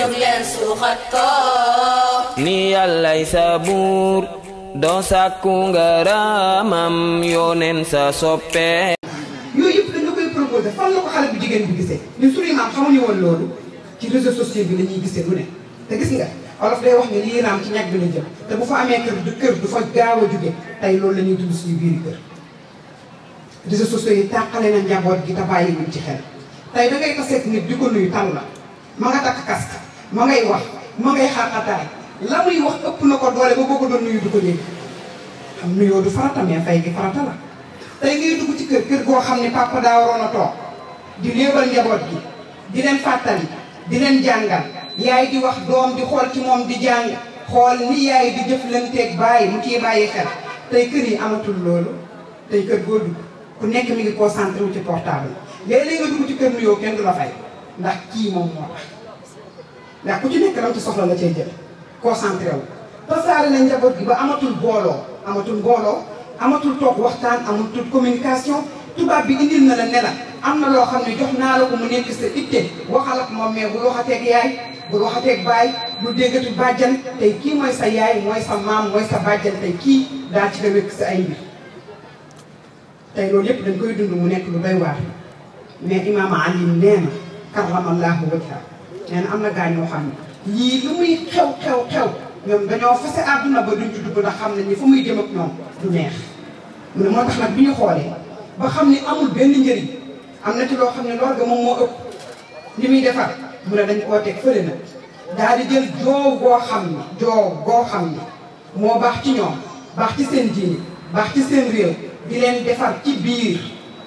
jóg ni yàllay sa buur doo sàkku nga raamam yooneen sa soppe yooyu yëpp dañu koy proposé fan la ko xale bu jigéen bi gisee ñun suñuy maam ñuy lu ne te gis nga olof day wax ne lii raam ci ñag bi la jëm te bu fa amee kër du kër du fa gaaw a jóge tey loolu la ñuy dund suñu biir kër réseaux sociaux yi tàqale na njaboot gi te bàyyi wuñ ci xel tey da ngay taseet nit di ko nuyu tal la ma nga takk casque ma ngay wax ma ngay xaqataay la muy wax ëpp na ko doole ba boo ko doon nuyu du ko dégg xam nuyoo du farata mais fay gi farata la tey ngay dugg ci kër kër goo xam ne papa daa waroon a toog di léebal njaboot gi di leen fàttali di leen jàngal yaay di wax doom di xool ci moom di jàng xool ni yaay di jëflanteeg bàyyi mu ciy bàyyi xel tey kër yi amatul loolu tey kër goo dugg ku nekk mi ngi concentré wu ci portable léeg-léeg nga dugg ci kër nuyoo kenn du la fay ndax kii moom moo tax ndax ku ci nekk lam ci soxla la cay jël concentré wu tasaare nañ njaboot gi ba amatul booloo amatul mbooloo amatul toog waxtaan amul amatul communication tubaab bi indil na la ne la am na loo xam ne jox naa la ko mu nekk sa itte waxal ak moom mais bul waxateeg yaay bul waxateeg baay bul déggatu bàjjan tey kii mooy sa yaay mooy sa maam mooy sa bàjjan tey kii daal ci la wékk sa ay mbir tey loolu yëpp dañ koy dund mu nekk lu doy waar mais nee am na gaañ yoo xam ne ñii lu muy xew xew xew ñoom dañoo fase àdduna ba duñ ci dugg ndax xam nañ ni fu muy jëm ak ñoom du neex mu ne moo tax nag bi ñu xoolee ba xam ne amul benn njëriñ am na ci loo xam ne lor ga moom moo ëpp li muy defar mu ne dañ koo teg fële na daal jël joow goo xam ne joow goo xam ne moo baax ci ñoom baax ci seen diine baax ci seen réew di leen defar ci biir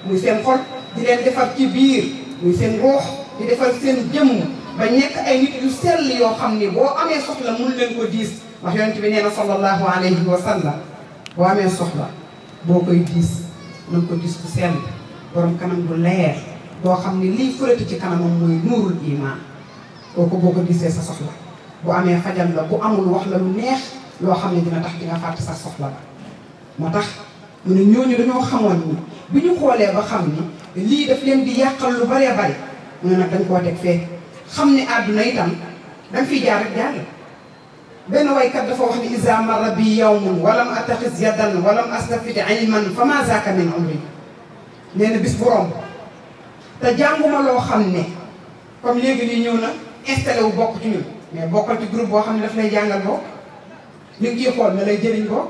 muy seen xol di leen defar ci biir muy seen ruux di defar seen jëmm ba nekk ay nit yu sell yoo xam ni boo amee soxla mun leen ko diis wax yonent bi nee na sallallahu alayhi wa boo amee soxla boo koy diis na ko diis ku sell borom kanam bu leer boo xam ni lii fërati ci kanamam mooy nuurul iman kooku boo ko diisee sa soxla bu amee fajal la bu amul wax la lu neex loo xam ne dina tax di nga sa soxla la moo tax mu ne ñooñu dañoo xamoon ni bi ñu xoolee ba xam ni lii def leen di yàqal lu baree bari mu nag dañ koo teg xam ni àdduna itam danga fiy jaar rek jaar benn waykat dafa wax ni isa marra bi yawmun walam attaxis yadan walam astafid ilman fa ma zaaka min umri nee na bis bu romb te jànguma loo xam ne comme léegi nii ñëw na installé wu bokk ci ñun mais bokkal ci groupe boo xam ne daf lay jàngal bokk ñu ngi ciy xool na lay jëriñ bokk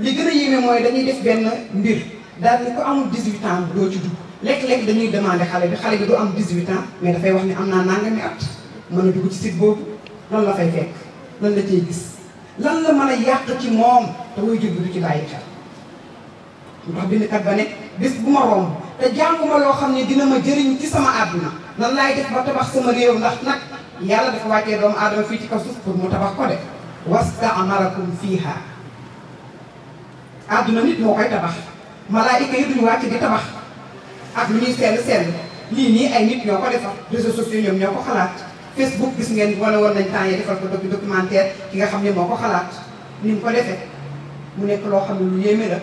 li gën a yéeme mooy dañuy def benn mbir daal ni ko amul 18 ans ci dugg léeg-léeg dañuy demandé xale bi xale bi du am 18 ans mais dafay wax ni am naa nangami at mën a dugg ci site boobu lan la fay fekk lan la cay gis lan la mën a yàq ci moom te way jur ci bàyyi xel lu tax bindkat ba ne bu ma romb te jànguma loo xam ne dina ma jëriñ ci sama àdduna nan laay def ba tabax sama réew ndax nag yàlla dafa wàccee doomu aadama fii ci kaw pour mu tabax ko de wastaamarakum fiiha àdduna nit moo koy tabax malaayika yi duñu wàcc di tabax ak lu ñuy sell lii nii ay nit ñoo ko defar réseaux sociaux ñoom ñoo ko xalaat Facebook gis ngeen wala woon nañ temps yee defal ko docu documentaire ki nga xam ne moo ko xalaat ni mu ko defee mu nekk loo xam ne lu yéeme la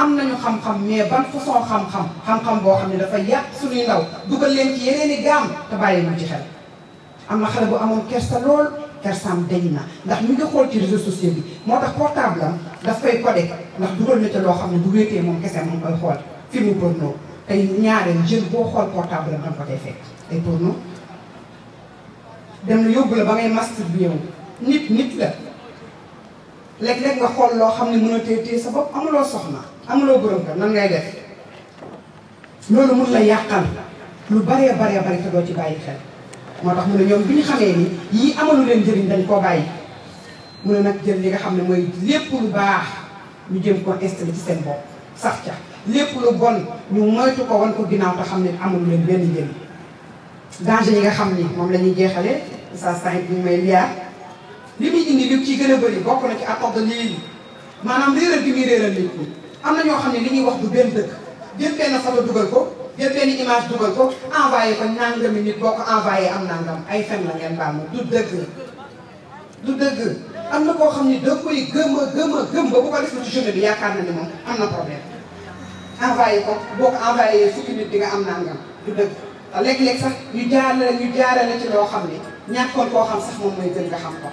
am nañu xam-xam mais ban façon xam-xam xam boo xam ne dafa yàq suñuy ndaw dugal leen ci yeneen i gaam te bàyyi ma ci am na xale bu amoon kersa lool kersaam dañ na ndax ñu ngi xool bi moo tax portable am daf koy codé ndax dugal loo xam ne bu wéetee moom kese moom koy xool fi mu porno tey ñaareel jeune boo xool portable am da ko tey fekk ay porno dem na yóbbu la ba ngay masturber yow nit nit la léeg-léeg nga xool loo xam ne mën a téye téye sa amuloo soxna amuloo borom kër nan ngay def loolu mun la yàqal lu baree baree bari te ci bàyyi xel moo tax mu ne ñoom bi ñu xamee ni yii amalu leen njëriñ dañ koo bàyyi mu ne nag jël li nga xam ne mooy lépp lu baax ñu jëm ko installé ci seen bopp sax ca lépp lu bon ñu moytu ko wan ko ginnaaw te xam ne amul leen benn njëriñ danger yi nga xam ni moom lañuy ñuy jeexale sa sahit bi ñu may liyaar li muy indi lépp ci gën a bëri bokk na ci ak odd lii maanaam réeral gi muy réeral nit ñi am na ñoo xam ne li ñuy wax du benn dëkk jël benn photo dugal ko jël benn image dugal ko envoyé fa nangami nit boo ko envoyé am nangam ay fen la ngeen baal ma du dëgg du dëgg am na koo xam ne da koy gëm a gëm a gëm ba bu ko def na ci journée bi yaakaar na moom am na problème envoyé ko boo ko envoyé fukki nit di nga am nangam du dëgg te léeg-léeg sax ñu jaarale ñu jaarale ci loo xam ne ñàkkoon koo xam sax moom mooy gën nga xam ko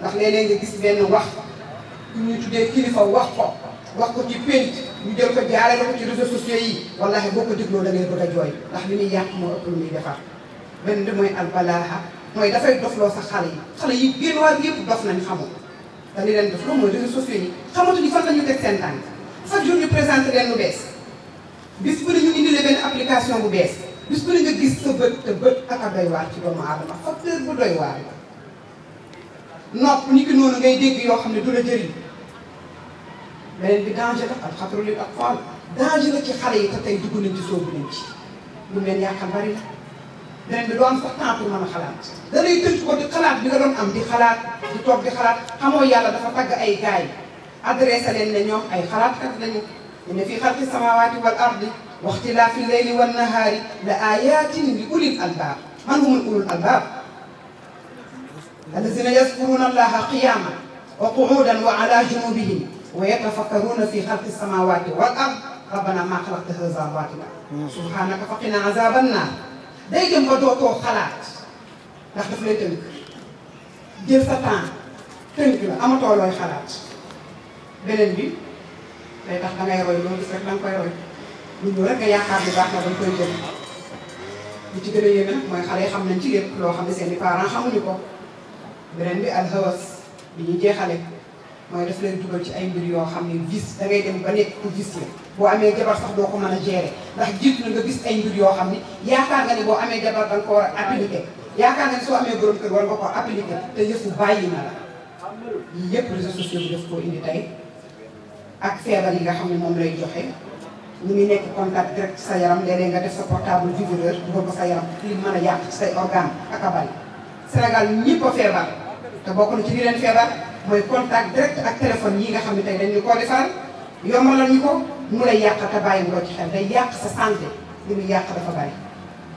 ndax léeg-léeg nga gis benn wax ku ñuy tuddee kilifa wax ko wax ko ci pénc ñu jël ko jaarale ko ci réseaux sociaux yi wallaahi boo ko dégloo da ngay bëgg a jooy ndax li muy yàq moo ëpp lu muy defar benn di mooy mooy dafay dofloo sax xale yi xale yi génn waar yëpp dof nañ xamul te li leen dofloo mooy réseaux sociaux yi xamatuñu fan la ñu teg seen tànk chaque jour ñu présenté leen lu bees bis bu ne ñu indi la benn application bu bees bis bu ne nga gis sa bët te bët ak a doy waar ci doomu aadama facteur bu doy waar la nopp ni noonu ngay dégg yoo xam ne du la jëriñ beneen bi danger la ak xatru lil atfal danger la ci xale yi te tey dugg nañ ci soobu nañ ci lu mel yàqal bari la beneen bi doon am sax temps pour mën a xalaat da lay tënk ko di xalaat bi nga doon am di xalaat di toog di xalaat xamoo yàlla dafa tagg ay gaay adressé leen ne ñoom ay xalaatkat lañu inna fi xalqi samawati wal ardi wa ixtilaafi leyli wan nahaari la ayatin li ulil albaab man humul ulul albaab allazina yaskuruuna allaha qiyaman wa quudan wa ala junubihim wa yatafakkaruuna fi xalqi samawati wal ard rabbana maa xalaqta haza baatila subhanaka faqina azaban naar day dem ba dootoo xalaat ndax daf lay tënk jël sa temps tënk la amatoo looy xalaat beneen bi day tax dangay roy loolu gis rek koy roy lu ñëw rek nga yaakaar bu baax la dañ koy jël li ci gën a yéeme mooy xale yi xam nañ ci lépp loo xam ne seen i parents xamuñu ko beneen bi ak alxawas bi ñuy jeexale mooy daf leen dugal ci ay mbir yoo xam ne gis da ngay dem ba nekk ku vice la boo amee jabar sax doo ko man a gérer ndax jiitu na nga gis ay mbir yoo xam ne yaakaar nga ne boo amee jabar da ko war a appliquer yaakaar nga ne soo amee borom kër war nga ko appliquer te yëfu bàyyi na la yii yëpp réseaux sociaux bi daf koo indi tey ak feebar yi nga xam ne moom lay joxe ñu ngi nekk contact direct sa yaram léeg nga def sa portable vibreur dugal ko sa yaram li mën a yàq ci say organe ak a bari Sénégal ñëpp ko feebar te bokk na ci li leen feebar mooy contact direct ak téléphone yi nga xam ne tey dañu koo defar yombalal ñu ko mu lay yàq te bàyyiwuloo ci xel day yàq sa santé lu muy yàq dafa bari.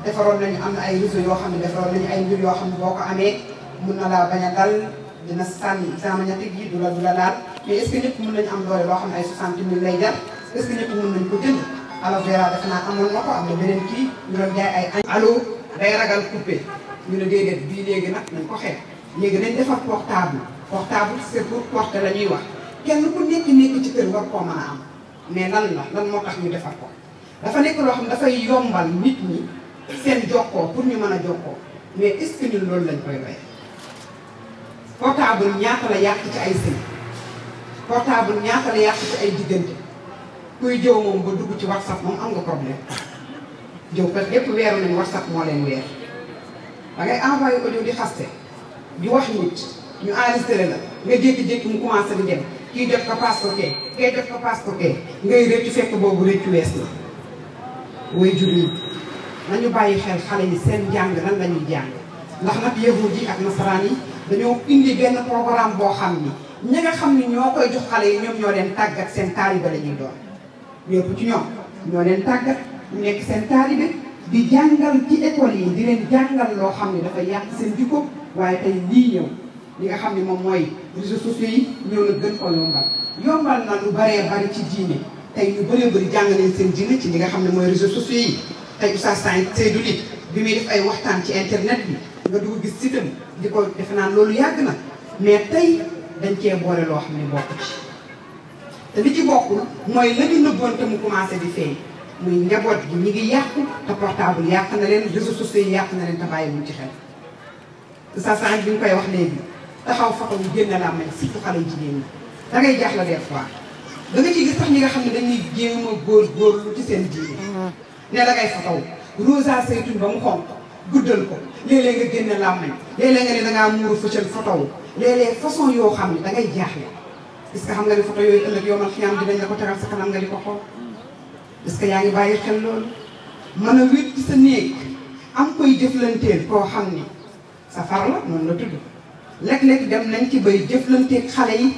defaroon nañu am na ay réseau yoo xam ne defaroon nañu ay njur yoo xam ne boo ko amee mun na laa bañ a dal dina sànni examen ñetti yi du la du la daal. mais est ce que ñëpp am doole loo xam ne ay 60 mille lay jar est ce que ñëpp mën nañu ko jënd alors Vera naa amoon na ko am na beneen kii ñu doon jaay ay añ. allo ragal coupé ñu ne déedéet di léegi nag nañ ko xeeb léegi nañ defar portable portable c' est pour porter la ñuy wax kenn ku nekk nekk ci kër war mais lan la lan moo tax ñu defar ko dafa nekk loo xam dafay yombal nit ñi seen jokkoo pour ñu mën a jokkoo mais est ce loolu lañ koy bay portable ñaata la yàq ci ay sëy portable ñaata la yàq ci ay diggante kuy jëw moom ba dugg ci whatsapp moom am nga problème jëw parce que yépp nañu whatsapp moo leen weer da ngay envoyé audio di xaste di wax nit ñu enregistré la nga jékki-jékki mu commencé di dem kii jot ko paas ko kee kee jot ko paas ko ngay rëccu fekk boobu rëccu wees la way jur yi nañu bàyyi xel xale yi seen jàng nan lañuy jàng ndax nag yahud yi ak nasaraan yi dañoo indi benn programme boo xam ni ñi nga xam ni ñoo koy jox xale yi ñoom ñoo leen tàggat seen taalibe la ñuy doon yëpp ci ñoom ñoo leen tàggat ñu nekk seen taalibe di jàngal ci école yi di leen jàngal loo xam ne dafa yàq seen jikko waaye lii ñëw li nga xam ne moom mooy réseau sociaux yi ñëw na gën ko yombal yombal na lu baree bari ci diine tey ñu bëree bëri jàng nañ seen diine ci li nga xam ne mooy réseau sociaux yi tey Oustaz Seydou Ly bi muy def ay waxtaan ci internet bi nga dugg gis sitam di ko defe naan loolu yàgg na mais tey dañ cee boole loo xam ne bokku ci te li ci bokkul mooy la ñu nëbboon te mu commencé di feeñ muy njaboot gi ñu ngi yàqu te portable yàq na leen réseaux sociaux yi yàq na leen te bàyyiwuñ ci xel sa sànq bi ñu koy wax léegi taxaw foto yu génn la mel surtout xale jigéen ñi da ngay jaaxle des fois da nga ciy gis sax ñi nga xam ne dañuy jéem a góor lu ci seen diine mm-hmm. ne la ngay fotow rosa saytuñ ba mu xonq guddal ko léeg-léeg nga génne làmmiñ léeg nga ne dangaa muuru fëcal photo léeg façon yoo xam ne da ngay jaaxle est que xam nga ne photo yooyu ëllëg yow man xiyaam dinañ la ko tegal sa kanam nga di ko xool est-ce que yaa ngi bàyyi xel loolu mën a wéet ci sa néeg am koy jëflanteel koo xam ni sa far la noonu la tudd léeg-léeg dem nañ ci bay jëflanteeg xale yi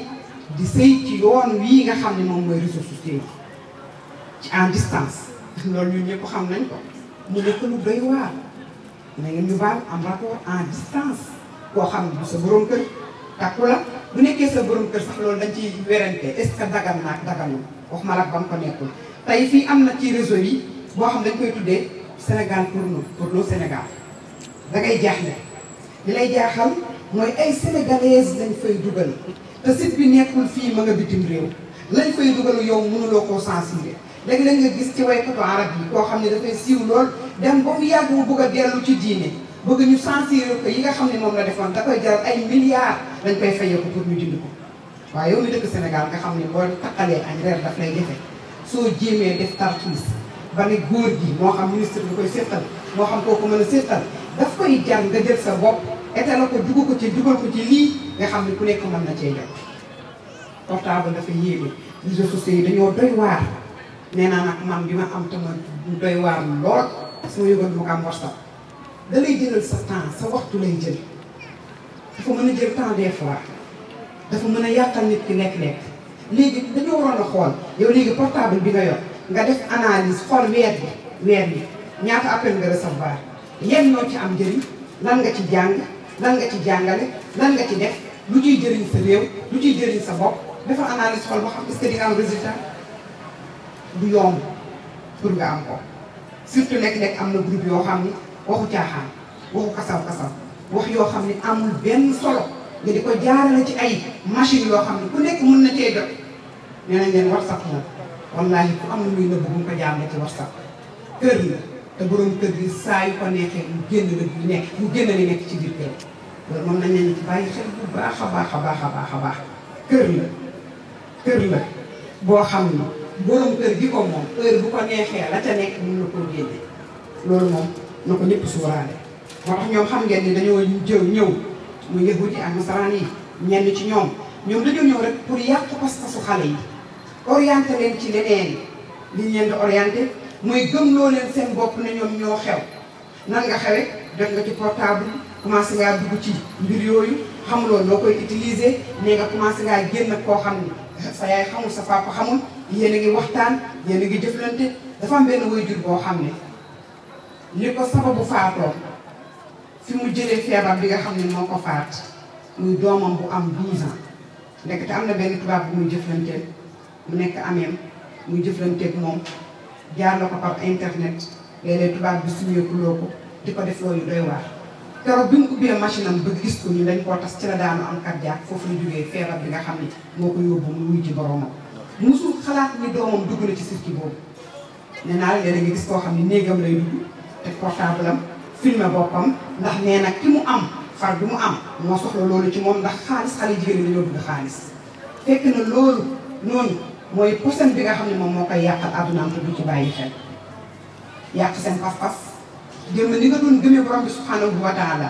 di sëy ci yoon wii nga xam ne moom mooy réseaux sociaux ci en distance loolu ñun ñëpp xam nañ ko na ngeen ñu baal am rapport en distance koo xam ne du sa borom kër takku la bu nekkee sa borom kër sax loolu dañ ci werante est ce que ak daganul wax ma la ba mu ko nekkul tey fii am na ci réseau yi boo xam dañ koy tuddee Sénégal pour nous pour le Sénégal da ngay jaaxle li lay jaaxal mooy ay sénégalaises lañ fay dugal te site bi nekkul fii ma nga bitim réew lañ fay dugal yow mënuloo koo sensibiliser léegi léeg nga gis ci waykatu arab yi koo xam ne dafay siiw lool dem ba mu yàgg mu bëgg a dellu ci diine bëgg ñu censurer yi nga xam ne moom la defoon da koy ay milliards dañ koy fayee ko pour ñu dindi ko waaye yow mi dëkk Sénégal nga xam ne boo taqalee añ reer daf lay jafe soo jéemee def tartiis ba ne góor gi moo xam ministre bi koy séqal moo xam kooku mën a séqal daf koy jàng nga jël sa bopp état la ko dugg ko ci dugal ko ci lii nga xam ne ku nekk mën na cee jot portable dafa yéeme réseaux sociaux yi dañoo doy waar nee naa nag man bi ma am te mu doy waar lool su ma yëgoon mu ko am WhatsApp da lay jëlal sa temps sa waxtu lay jël dafa mën a jël temps des dafa mën a yàqal nit ki lekk-lekk léegi dañoo waroon a xool yow léegi portable bi nga yor nga def analyse xool weer bi weer bi ñaata appel nga recevoir yenn ñoo ci am njëriñ lan nga ci jàng lan nga ci jàngale lan nga ci def lu ciy jëriñ sa réew lu ciy jëriñ sa bopp dafa analyse xool ba xam est-ce que di nga am du yomb pour nga am ko surtout léeg-léeg am na groupe yoo xam ni waxu caaxaan waxu kasaw-kasaw wax yoo xam ni amul benn solo nga di ko jaarale ci ay machine yoo xam ne ku nekk mën na cee jot nee nañ leen whatsapp moom am na muy nëbb bu mu ko jaarale ci whatsapp kër te borom kër saa yu ko neexee mu nekk mu génn la nekk ci biir kër loolu nañ ci bàyyi xel bu baax a baax a baax a baax a baax kër la kër la boo xam ni borom kër gi ko moom heure bu ko neexee la ca nekk mën na koo génne loolu moom na ko ñëpp suuraale moo tax ñoom xam ngeen ni dañoo jëw ñëw mu yahudi ak nasaraan yi ñenn ci ñoom ñoom dañoo ñëw rek pour yàq pas-pasu xale yi orienté leen ci leneen li ñu leen mooy orienté muy seen bopp na ñoom ñoo xew nan nga xewe def nga ci portable commencé ngaa dugg ci mbir yooyu xam xamuloo noo koy utiliser mais nga commencé ngaa génn koo xam ne sa yaay xamul sa papa xamul yéen a ngi waxtaan yéen a ngi jëflante dafa am benn wayjur boo xam ne li ko sababu faatoo fi mu jëlee feebar bi nga xam ne moo ko faat muy doomam bu am 12 nekk te am na benn tubaab bu muy jëflanteel mu nekk ameem muy jëflanteeg moom jaar la ko par internet léeg-léeg tubaab bi suñeeku loo di ko def loolu doy waar keroog bi mu ubbee machine am ba gis ko ñu dañ koo tas ci la daanu am cardiaque foofu la jógee feebar bi nga xam ne moo ko yóbbu mu wuy ji boromam. musul xalaat ni doomam dugg na ci circuit boobu nee naa la léeg-léeg nga gis koo xam ne néegam lay dugg te portable am filmer boppam ndax nee na ki mu am far bi mu am moo soxla loolu ci moom ndax xaalis xale jigéen ñi dañoo bëgg xaalis fekk na loolu noonu mooy posen bi nga xam ne moom moo koy yàqal àddunaam te du ci démb ni nga doon gëmee borom bi subhanahu wa taala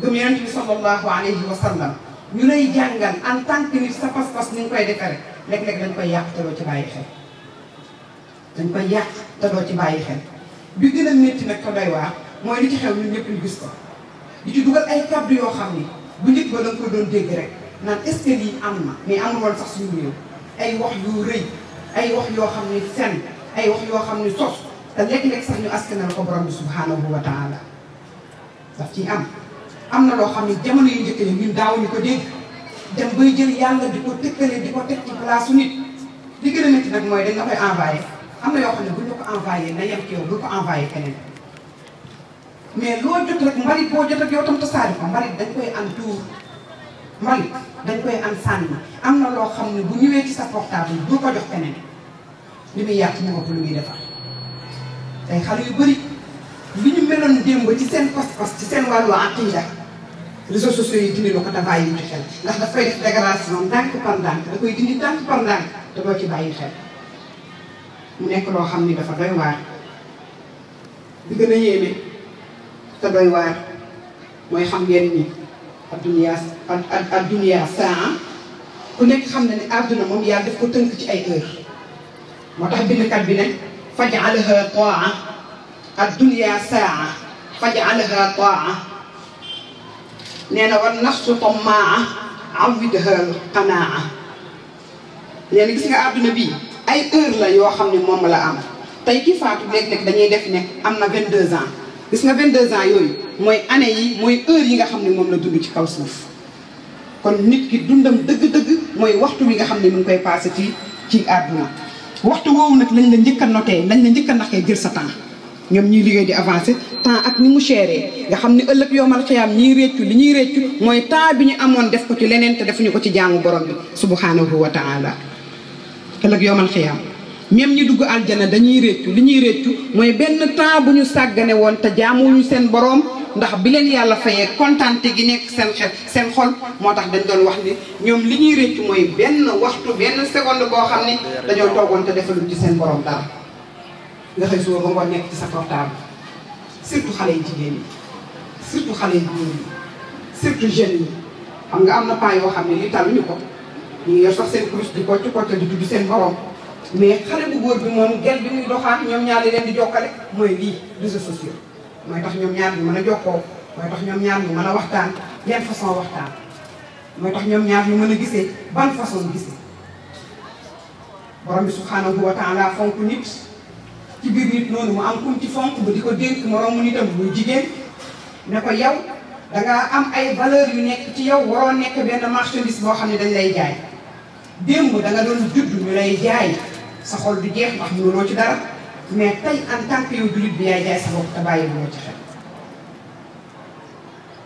gëm yonent bi sallallahu alayhi wa ñu lay jàngal en tant que nit sa pas-pas ni nga koy defare léeg-léeg dañ koy yàq te doo ci bàyyi xel dañ koy yàq te doo ci bàyyi xel bi gën a métti nag ko doy waar mooy li ci xew ñun ñëpp ñu gis ko di ci dugal ay kàddu yoo xam ni bu njëkk ba da nga ko doon dégg rek naan est ce que lii am na mais amul woon sax suñu réew ay wax yu rëy ay wax yoo xam ni fen ay wax yoo xam ni te léeg-léeg sax ñu askanal ko borom bi subhanahu wa taala daf ciy am am na loo xam ne jamono yu njëkk yi ñun daawuñu ko dégg dem bay jël yàlla di ko tëkkale di ko teg ci place su nit li gën a métti nag mooy dañ la koy envoyé am na yoo xam ne buñ la ko envoyé na yem ci yow bul ko envoyé keneen mais loo jot rek boo jot rek yow tam ko mbalit dañ koy am tuur mbalit dañ koy am sànni am na loo xam ne bu ñëwee ci sa portable bul ko jox keneen li mu yàq ñu ko lu muy defar tey xale yu bëri li ñu meloon démb ci seen pas-pas ci seen wàllu aqida réseaux sociaux yi dindi na ko te bàyyi ci xel ndax daf koy def dégradation ndànk par ndànk da koy dindi ndànk par ndànk te doo bàyyi xel mu nekk loo xam ni dafa doy waar bi gën a yéeme te doy waar mooy xam ngeen ni adduniyaa adduniyaa saa ku nekk xam na ne àdduna moom yàlla def ko tënk ci ay heure moo tax bindkat bi ne faj'alha ta'a ad-dunya sa'a faj'alha ta'a nee na war nafsu tamaa awidha qanaa nee na gis nga àdduna bi ay heure la yoo xam ne moom la am tey ki faatu léeg-léeg dañuy def ne am na vingt 22 ans gis nga 22 ans yooyu mooy année yi mooy heure yi nga xam ne moom la dund ci kaw suuf kon nit ki dundam dëgg-dëgg mooy waxtu wi nga xam ne mu koy passé ci ci àdduna waxtu woowu nag lañ la njëkk a notee lañ la njëkk a naxee jël sa temps ñoom ñuy liggéey di avancé temps ak ni mu chéré nga xam ne ëllëg yoomal xiyaam ñii réccu li ñuy réccu mooy temps bi ñu amoon def ko ci leneen defuñu ko ci jaamu borom bi subhanahu wa taala ëllëg yoomal xiyaam même ñi dugg aljana dañuy réccu li ñuy réccu mooy benn temps bu ñu sàggane woon te jaamuwuñu seen borom ndax bi yàlla fayee kontaante gi nekk seen xel seen xol moo tax dañ doon wax ni ñoom li ñuy réccu mooy benn waxtu benn seconde boo xam ne dañoo toogoon te defaluñ ci seen borom dara nga xëy suba ba ngoon nekk ci sa jigéen yi surtout xale yi góor yi yi xam nga am na paa yoo xam ne li taluñu ko ñu ngi yor sax seen kurus di kocc kocc seen borom mais xale bu góor bi moom gel bi muy doxaan ñoom ñaari leen di jokkale mooy lii réseaux sociaux mooy tax ñoom ñaar ñu mën a jokkoo mooy tax ñoom ñaar ñu mën a waxtaan yan façon waxtaan mooy tax ñoom ñaar ñu mën a gisee ban façon gisee borom bi subhanahu wa taala fonk nit ci biir nit noonu mu am kum ci fonk ba di ko dénk moroomu nitam muy jigéen ne ko yow dangaa am ay valeur yu nekk ci yow waroo nekk benn marchandise boo xam ne dañ lay jaay démb danga doon judd ñu lay jaay sa xol du jeex ndax mënuloo ci dara mais tey en tant que yow jullit bi yaay jaay sa bopp te bàyyi ci xel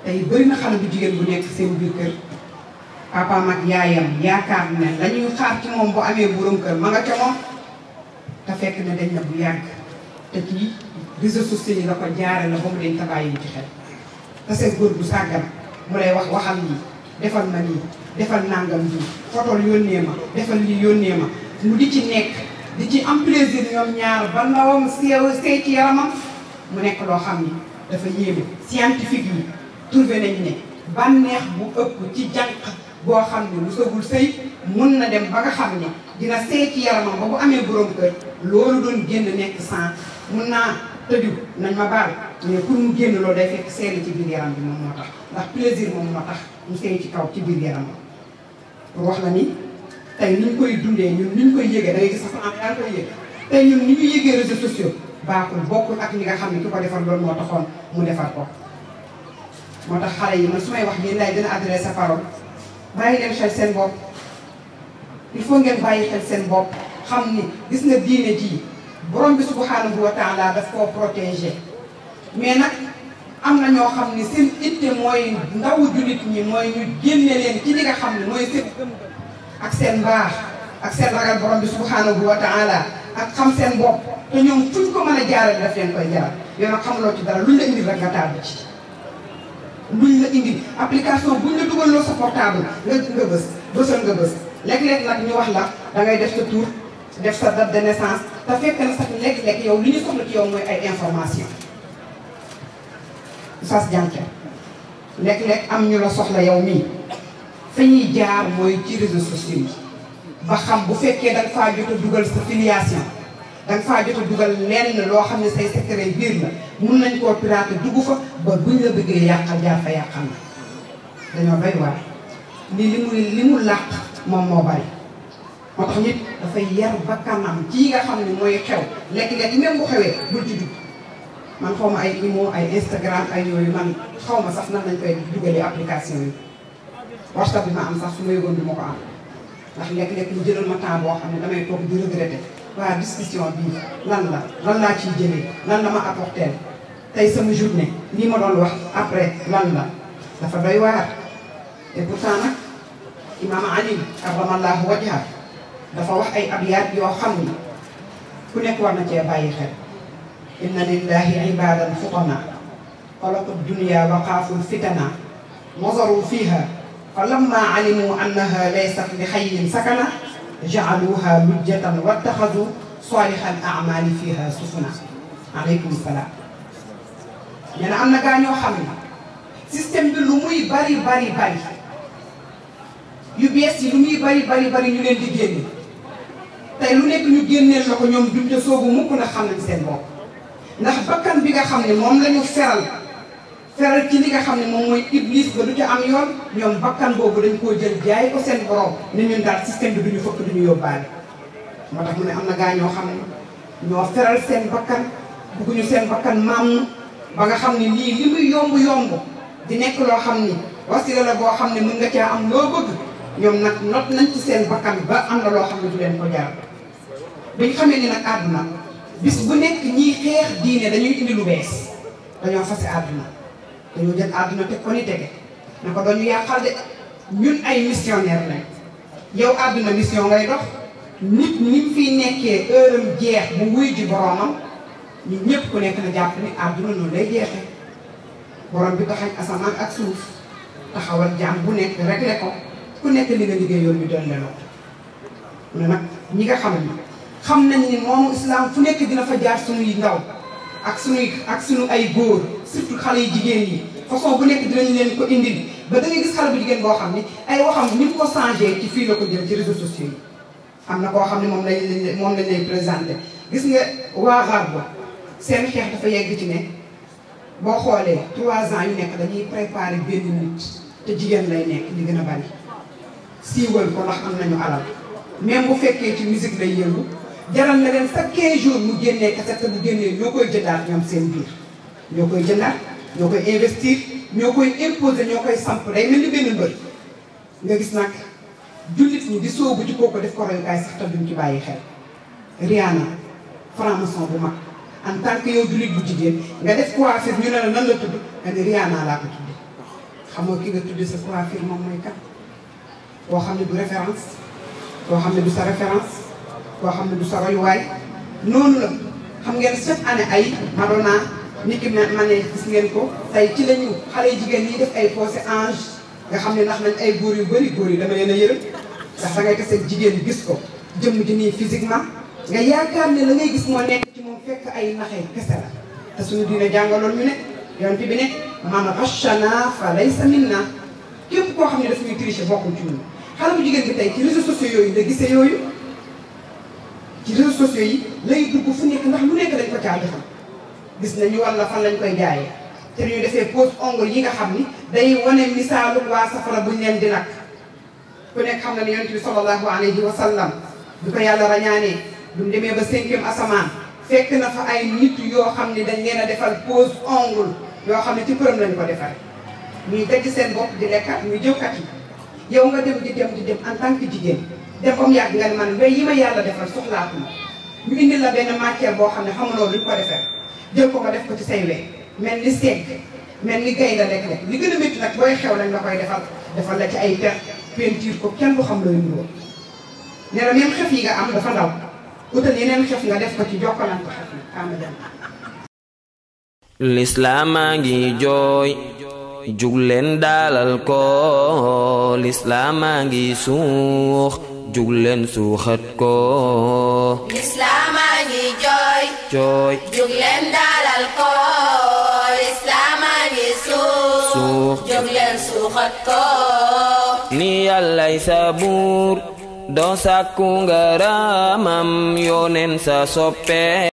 tey bëri na xale bu jigéen bu nekk seen biir kër papaam ak yaayam yaakaar ne la ñuy xaar ci moom bu amee borom kër ma nga ca moom te fekk na dañ na bu yàgg te kii réseaux sociaux yi la ko jaare la ba mu dañ te bàyyi ci xel te seen góor bu sàggan mu lay wax waxal yi defal ma nii defal nàngam lii fotol yónnee ma defal lii yónnee ma mu di ci nekk li ci am plaisir ñoom ñaar ba ndawam sew sey ci yaramam mu nekk loo xam ni dafa yéeme scientifique yi trouvé nañu ne bànneex bu ëpp ci jànq boo xam ne lu sëgul sëy mun na dem ba nga xam ni dina sey ci yaramam ba bu amee borom kër loolu doon génn nekk sans mun naa tëju nañ ma baal mais pour mu génn loolu day fekk seeri ci biir yaram bi moom moo tax ndax plaisir moom moo tax mu sey ci kaw ci biir yaramam pour wax la ni tey ni ñu koy dundee ñun ni koy yëgee da gis sax am yaa ngi koy ni ñu yëgee réseaux sociaux baaxul bokkul nga xam ne ki ko defar loolu moo taxoon mu defar ko. moo tax xale yi su wax ngeen lay dina adressé parole bàyyi leen xel seen bopp il faut ngeen bàyyi seen bopp xam ni gis nga diine ji borom bi subhanahu wa taala daf koo protégé mais nag am na ñoo xam ni seen itte mooy ndawu jullit ñi mooy ñu génne leen ci li nga xam ne mooy seen ak seen mbaax ak seen ragal borom bi subhanahu wa taala ak xam seen bopp te ñoom fuñ ko mën a jaarale daf leen koy jaar yow nag xamuloo ci dara luñ la indil rek nga tàbbi ci luñ la indil application buñ la dugaloo sa portable nga nga bës bësal nga bës léeg-léeg nag ñu wax la da ngay def sa tur def sa date de naissance te fekk na sax léeg-léeg yow li ñu soxla ci yow mooy ay information sas jànke léeg-léeg am ñu la soxla yow mii fa ñuy jaar mooy ci réseaux sociaux ba xam bu fekkee da faa jot a dugal sa filiation da nga faa jot a dugal lenn loo xam ne say secret biir la mun nañ koo pirater dugg fa ba buñ la bëggee yàqal jaar fa yàqal na dañoo bay waar ni li muy li mu làq moom moo bari moo tax nit dafay yar ba kanam ci yi nga xam ne mooy xew léeg-léeg même bu xewee bul ci man xaw ma ay imo ay Instagram ay yooyu man xaw ma sax nan lañ koy dugalee application yi warta bi ma am sax su ma yëgoon du ma ko am ndax ma temps boo xam ne damay toog di regretté waa discussion bii lan la lan laa ciy jëlee lan la ma apporté tey sama journée lii ma doon wax après lan la dafa doy waar et pourtant nag imaam Ali karramallahu wajha dafa wax ay abyaat yoo xam ni ku nekk war na cee bàyyi xel inna lillahi ibadan futana xalaqa dunya wa xaaful fitana nazaru fiha fa lamma alimu annaha laysat li xayin sakana jaaluha lujjatan wattaxadu saalihal amali fiha sufna aleykum salaam nee na am na gaa ñoo xam ne système bi lu muy bari bari bari yu bees yi lu muy bari bari bari ñu leen di génne tey lu nekk ñu génneel la ko ñoom duñ ca soobu mukk na xam nañ seen bopp ndax bakkan bi nga ne moom la ñu feral feral ci li nga xam ne moom mooy iblis ba du ci am yoon ñoom bakkan boobu dañ koo jël jaay ko seen borom ne ñun daal système bi ñu fëkk duñu yóbbaale moo tax mu ne am na gaa ñoo xam ne ñoo feral seen bakkan bugguñu seen bakkan maam ba nga xam ne lii li muy yomb yomb di nekk loo xam ni wasila la boo xam ne mu nga caa am loo bëgg ñoom nag not nañ ci seen bakkan ba am na loo xam ne du leen ko jaar bi ñu xamee ni nag àdduna bis bu nekk ñiy xeex diine dañuy indi lu bees dañoo fase dañoo jël àdduna teg ko ni tege na ko doon ñu yàqal de ñun ay missionnaire lañ yow àdduna mission ngay dox nit ñi mu fiy nekkee heure jeex mu wuy ji boroomam ñun ñëpp ku nekk na jàpp ni àdduna noonu lay jeexe borom bi taxañ asamaan ak suuf taxawal jaam bu nekk réglé ko ku nekk li nga liggéey yoon bi doon leloo mu ne nag ñi nga xam ne xam na ni moomu islam fu nekk dina fa jaar sunuy ndaw ak sunuy ak suñu ay góor surtout xale yi jigéen yi façon bu nekk dinañ leen ko indil ba da ngay gis xale bu jigéen boo xam ne ay waxam ni mu ko changé ci fii la ko am na koo xam ne moom lañ moom lañ lay présenté gis nga waa Raab ba seen xeex dafa yegg ci ne boo xoolee trois ans yu nekk dañuy préparé benn nit te jigéen lay nekk li gën a bari siiwal ko ndax am nañu alal même bu fekkee ci musique lay yëngu jaral na leen chaque quinze jours mu génnee kaset bu génnee ñoo koy jëndaat ñoom seen biir ñoo koy jëndaat ñoo koy investir ñoo koy imposer ñoo koy samp day mel ni benn nga gis naa nag jullit ñi di soobu ci ko def ko royukaay sax te duñ ci bàyyi xel Rihanna franc-maçon bu mag en tant que yow jullit bu jigéen nga def coiffure ñu ne la nan la tudd nga ne Rihanna laa ko tudd xamoo ki nga tudd sa coiffure moom mooy kat koo xam ne du référence koo xam ne du sa référence koo xam ne du sa royuwaay noonu la xam ngeen chaque année ay Madonna ni ki manège gis ngeen ko tey ci lañu xale jigéen yi def ay procès ange nga xam ne ndax nañ ay góor yu bëri góor yi dama leen a yërëm ndax da ngay tase jigéen gis ko jëmm ji nii physiquement nga yaakaar ne la ngay gis moo nekk ci moom fekk ay naxee kese la te suñu dina jàngaloon ñu ne yoon bi ne man rachana fa laysa minna képp koo xam ne daf ñuy tricher bokkul ci ñun xale bu jigéen bi tey ci réseaux sociaux yooyu nga gisee yooyu ci réseaux sociaux yi lay dugg fu nekk ndax lu nekk dañ gis nañu wan la fan lañ koy jaayee te ñu defee pose ongle yi nga xam ni day wane misaalu waa safara buñ leen di lakk ku nekk xam na ne yonent bi sallallahu alayhi wa sallam du ko yàlla rañaanee dumu demee ba cinquième asamaan fekk na fa ay nit yoo xam ne dañ leen a defal pose ongle yoo xam ne ci përëm lañ ko defare ñuy dagg seen bopp di lekkat muy jëwkat yi yow nga dem di dem di dem en tant que jigéen dem comme yàgg nga ne man mbay yi ma yàlla defal soxlaatu ma ñu indil la benn matière boo xam ne xamuloo luñ ko defee jël nga def ko ci say we mel ni segg mel ni gay lekk li gën a nag booy xew lañ la koy defal defal la ci ay per peinture ko kenn du xam looy nuroo nee na même xef yi nga am dafa ndaw utal yeneen xef nga def ko ci jokkalante xef yi ama jam lislaamaa ngi jooy jug leen daalal ko lislaamaa ngi suux jugleen suuxat ko cooy jug leen dalal ko islaama ngi suux suux jug leen ni yàllay sa buur doo sàkku ngaramam yoneen sa soppe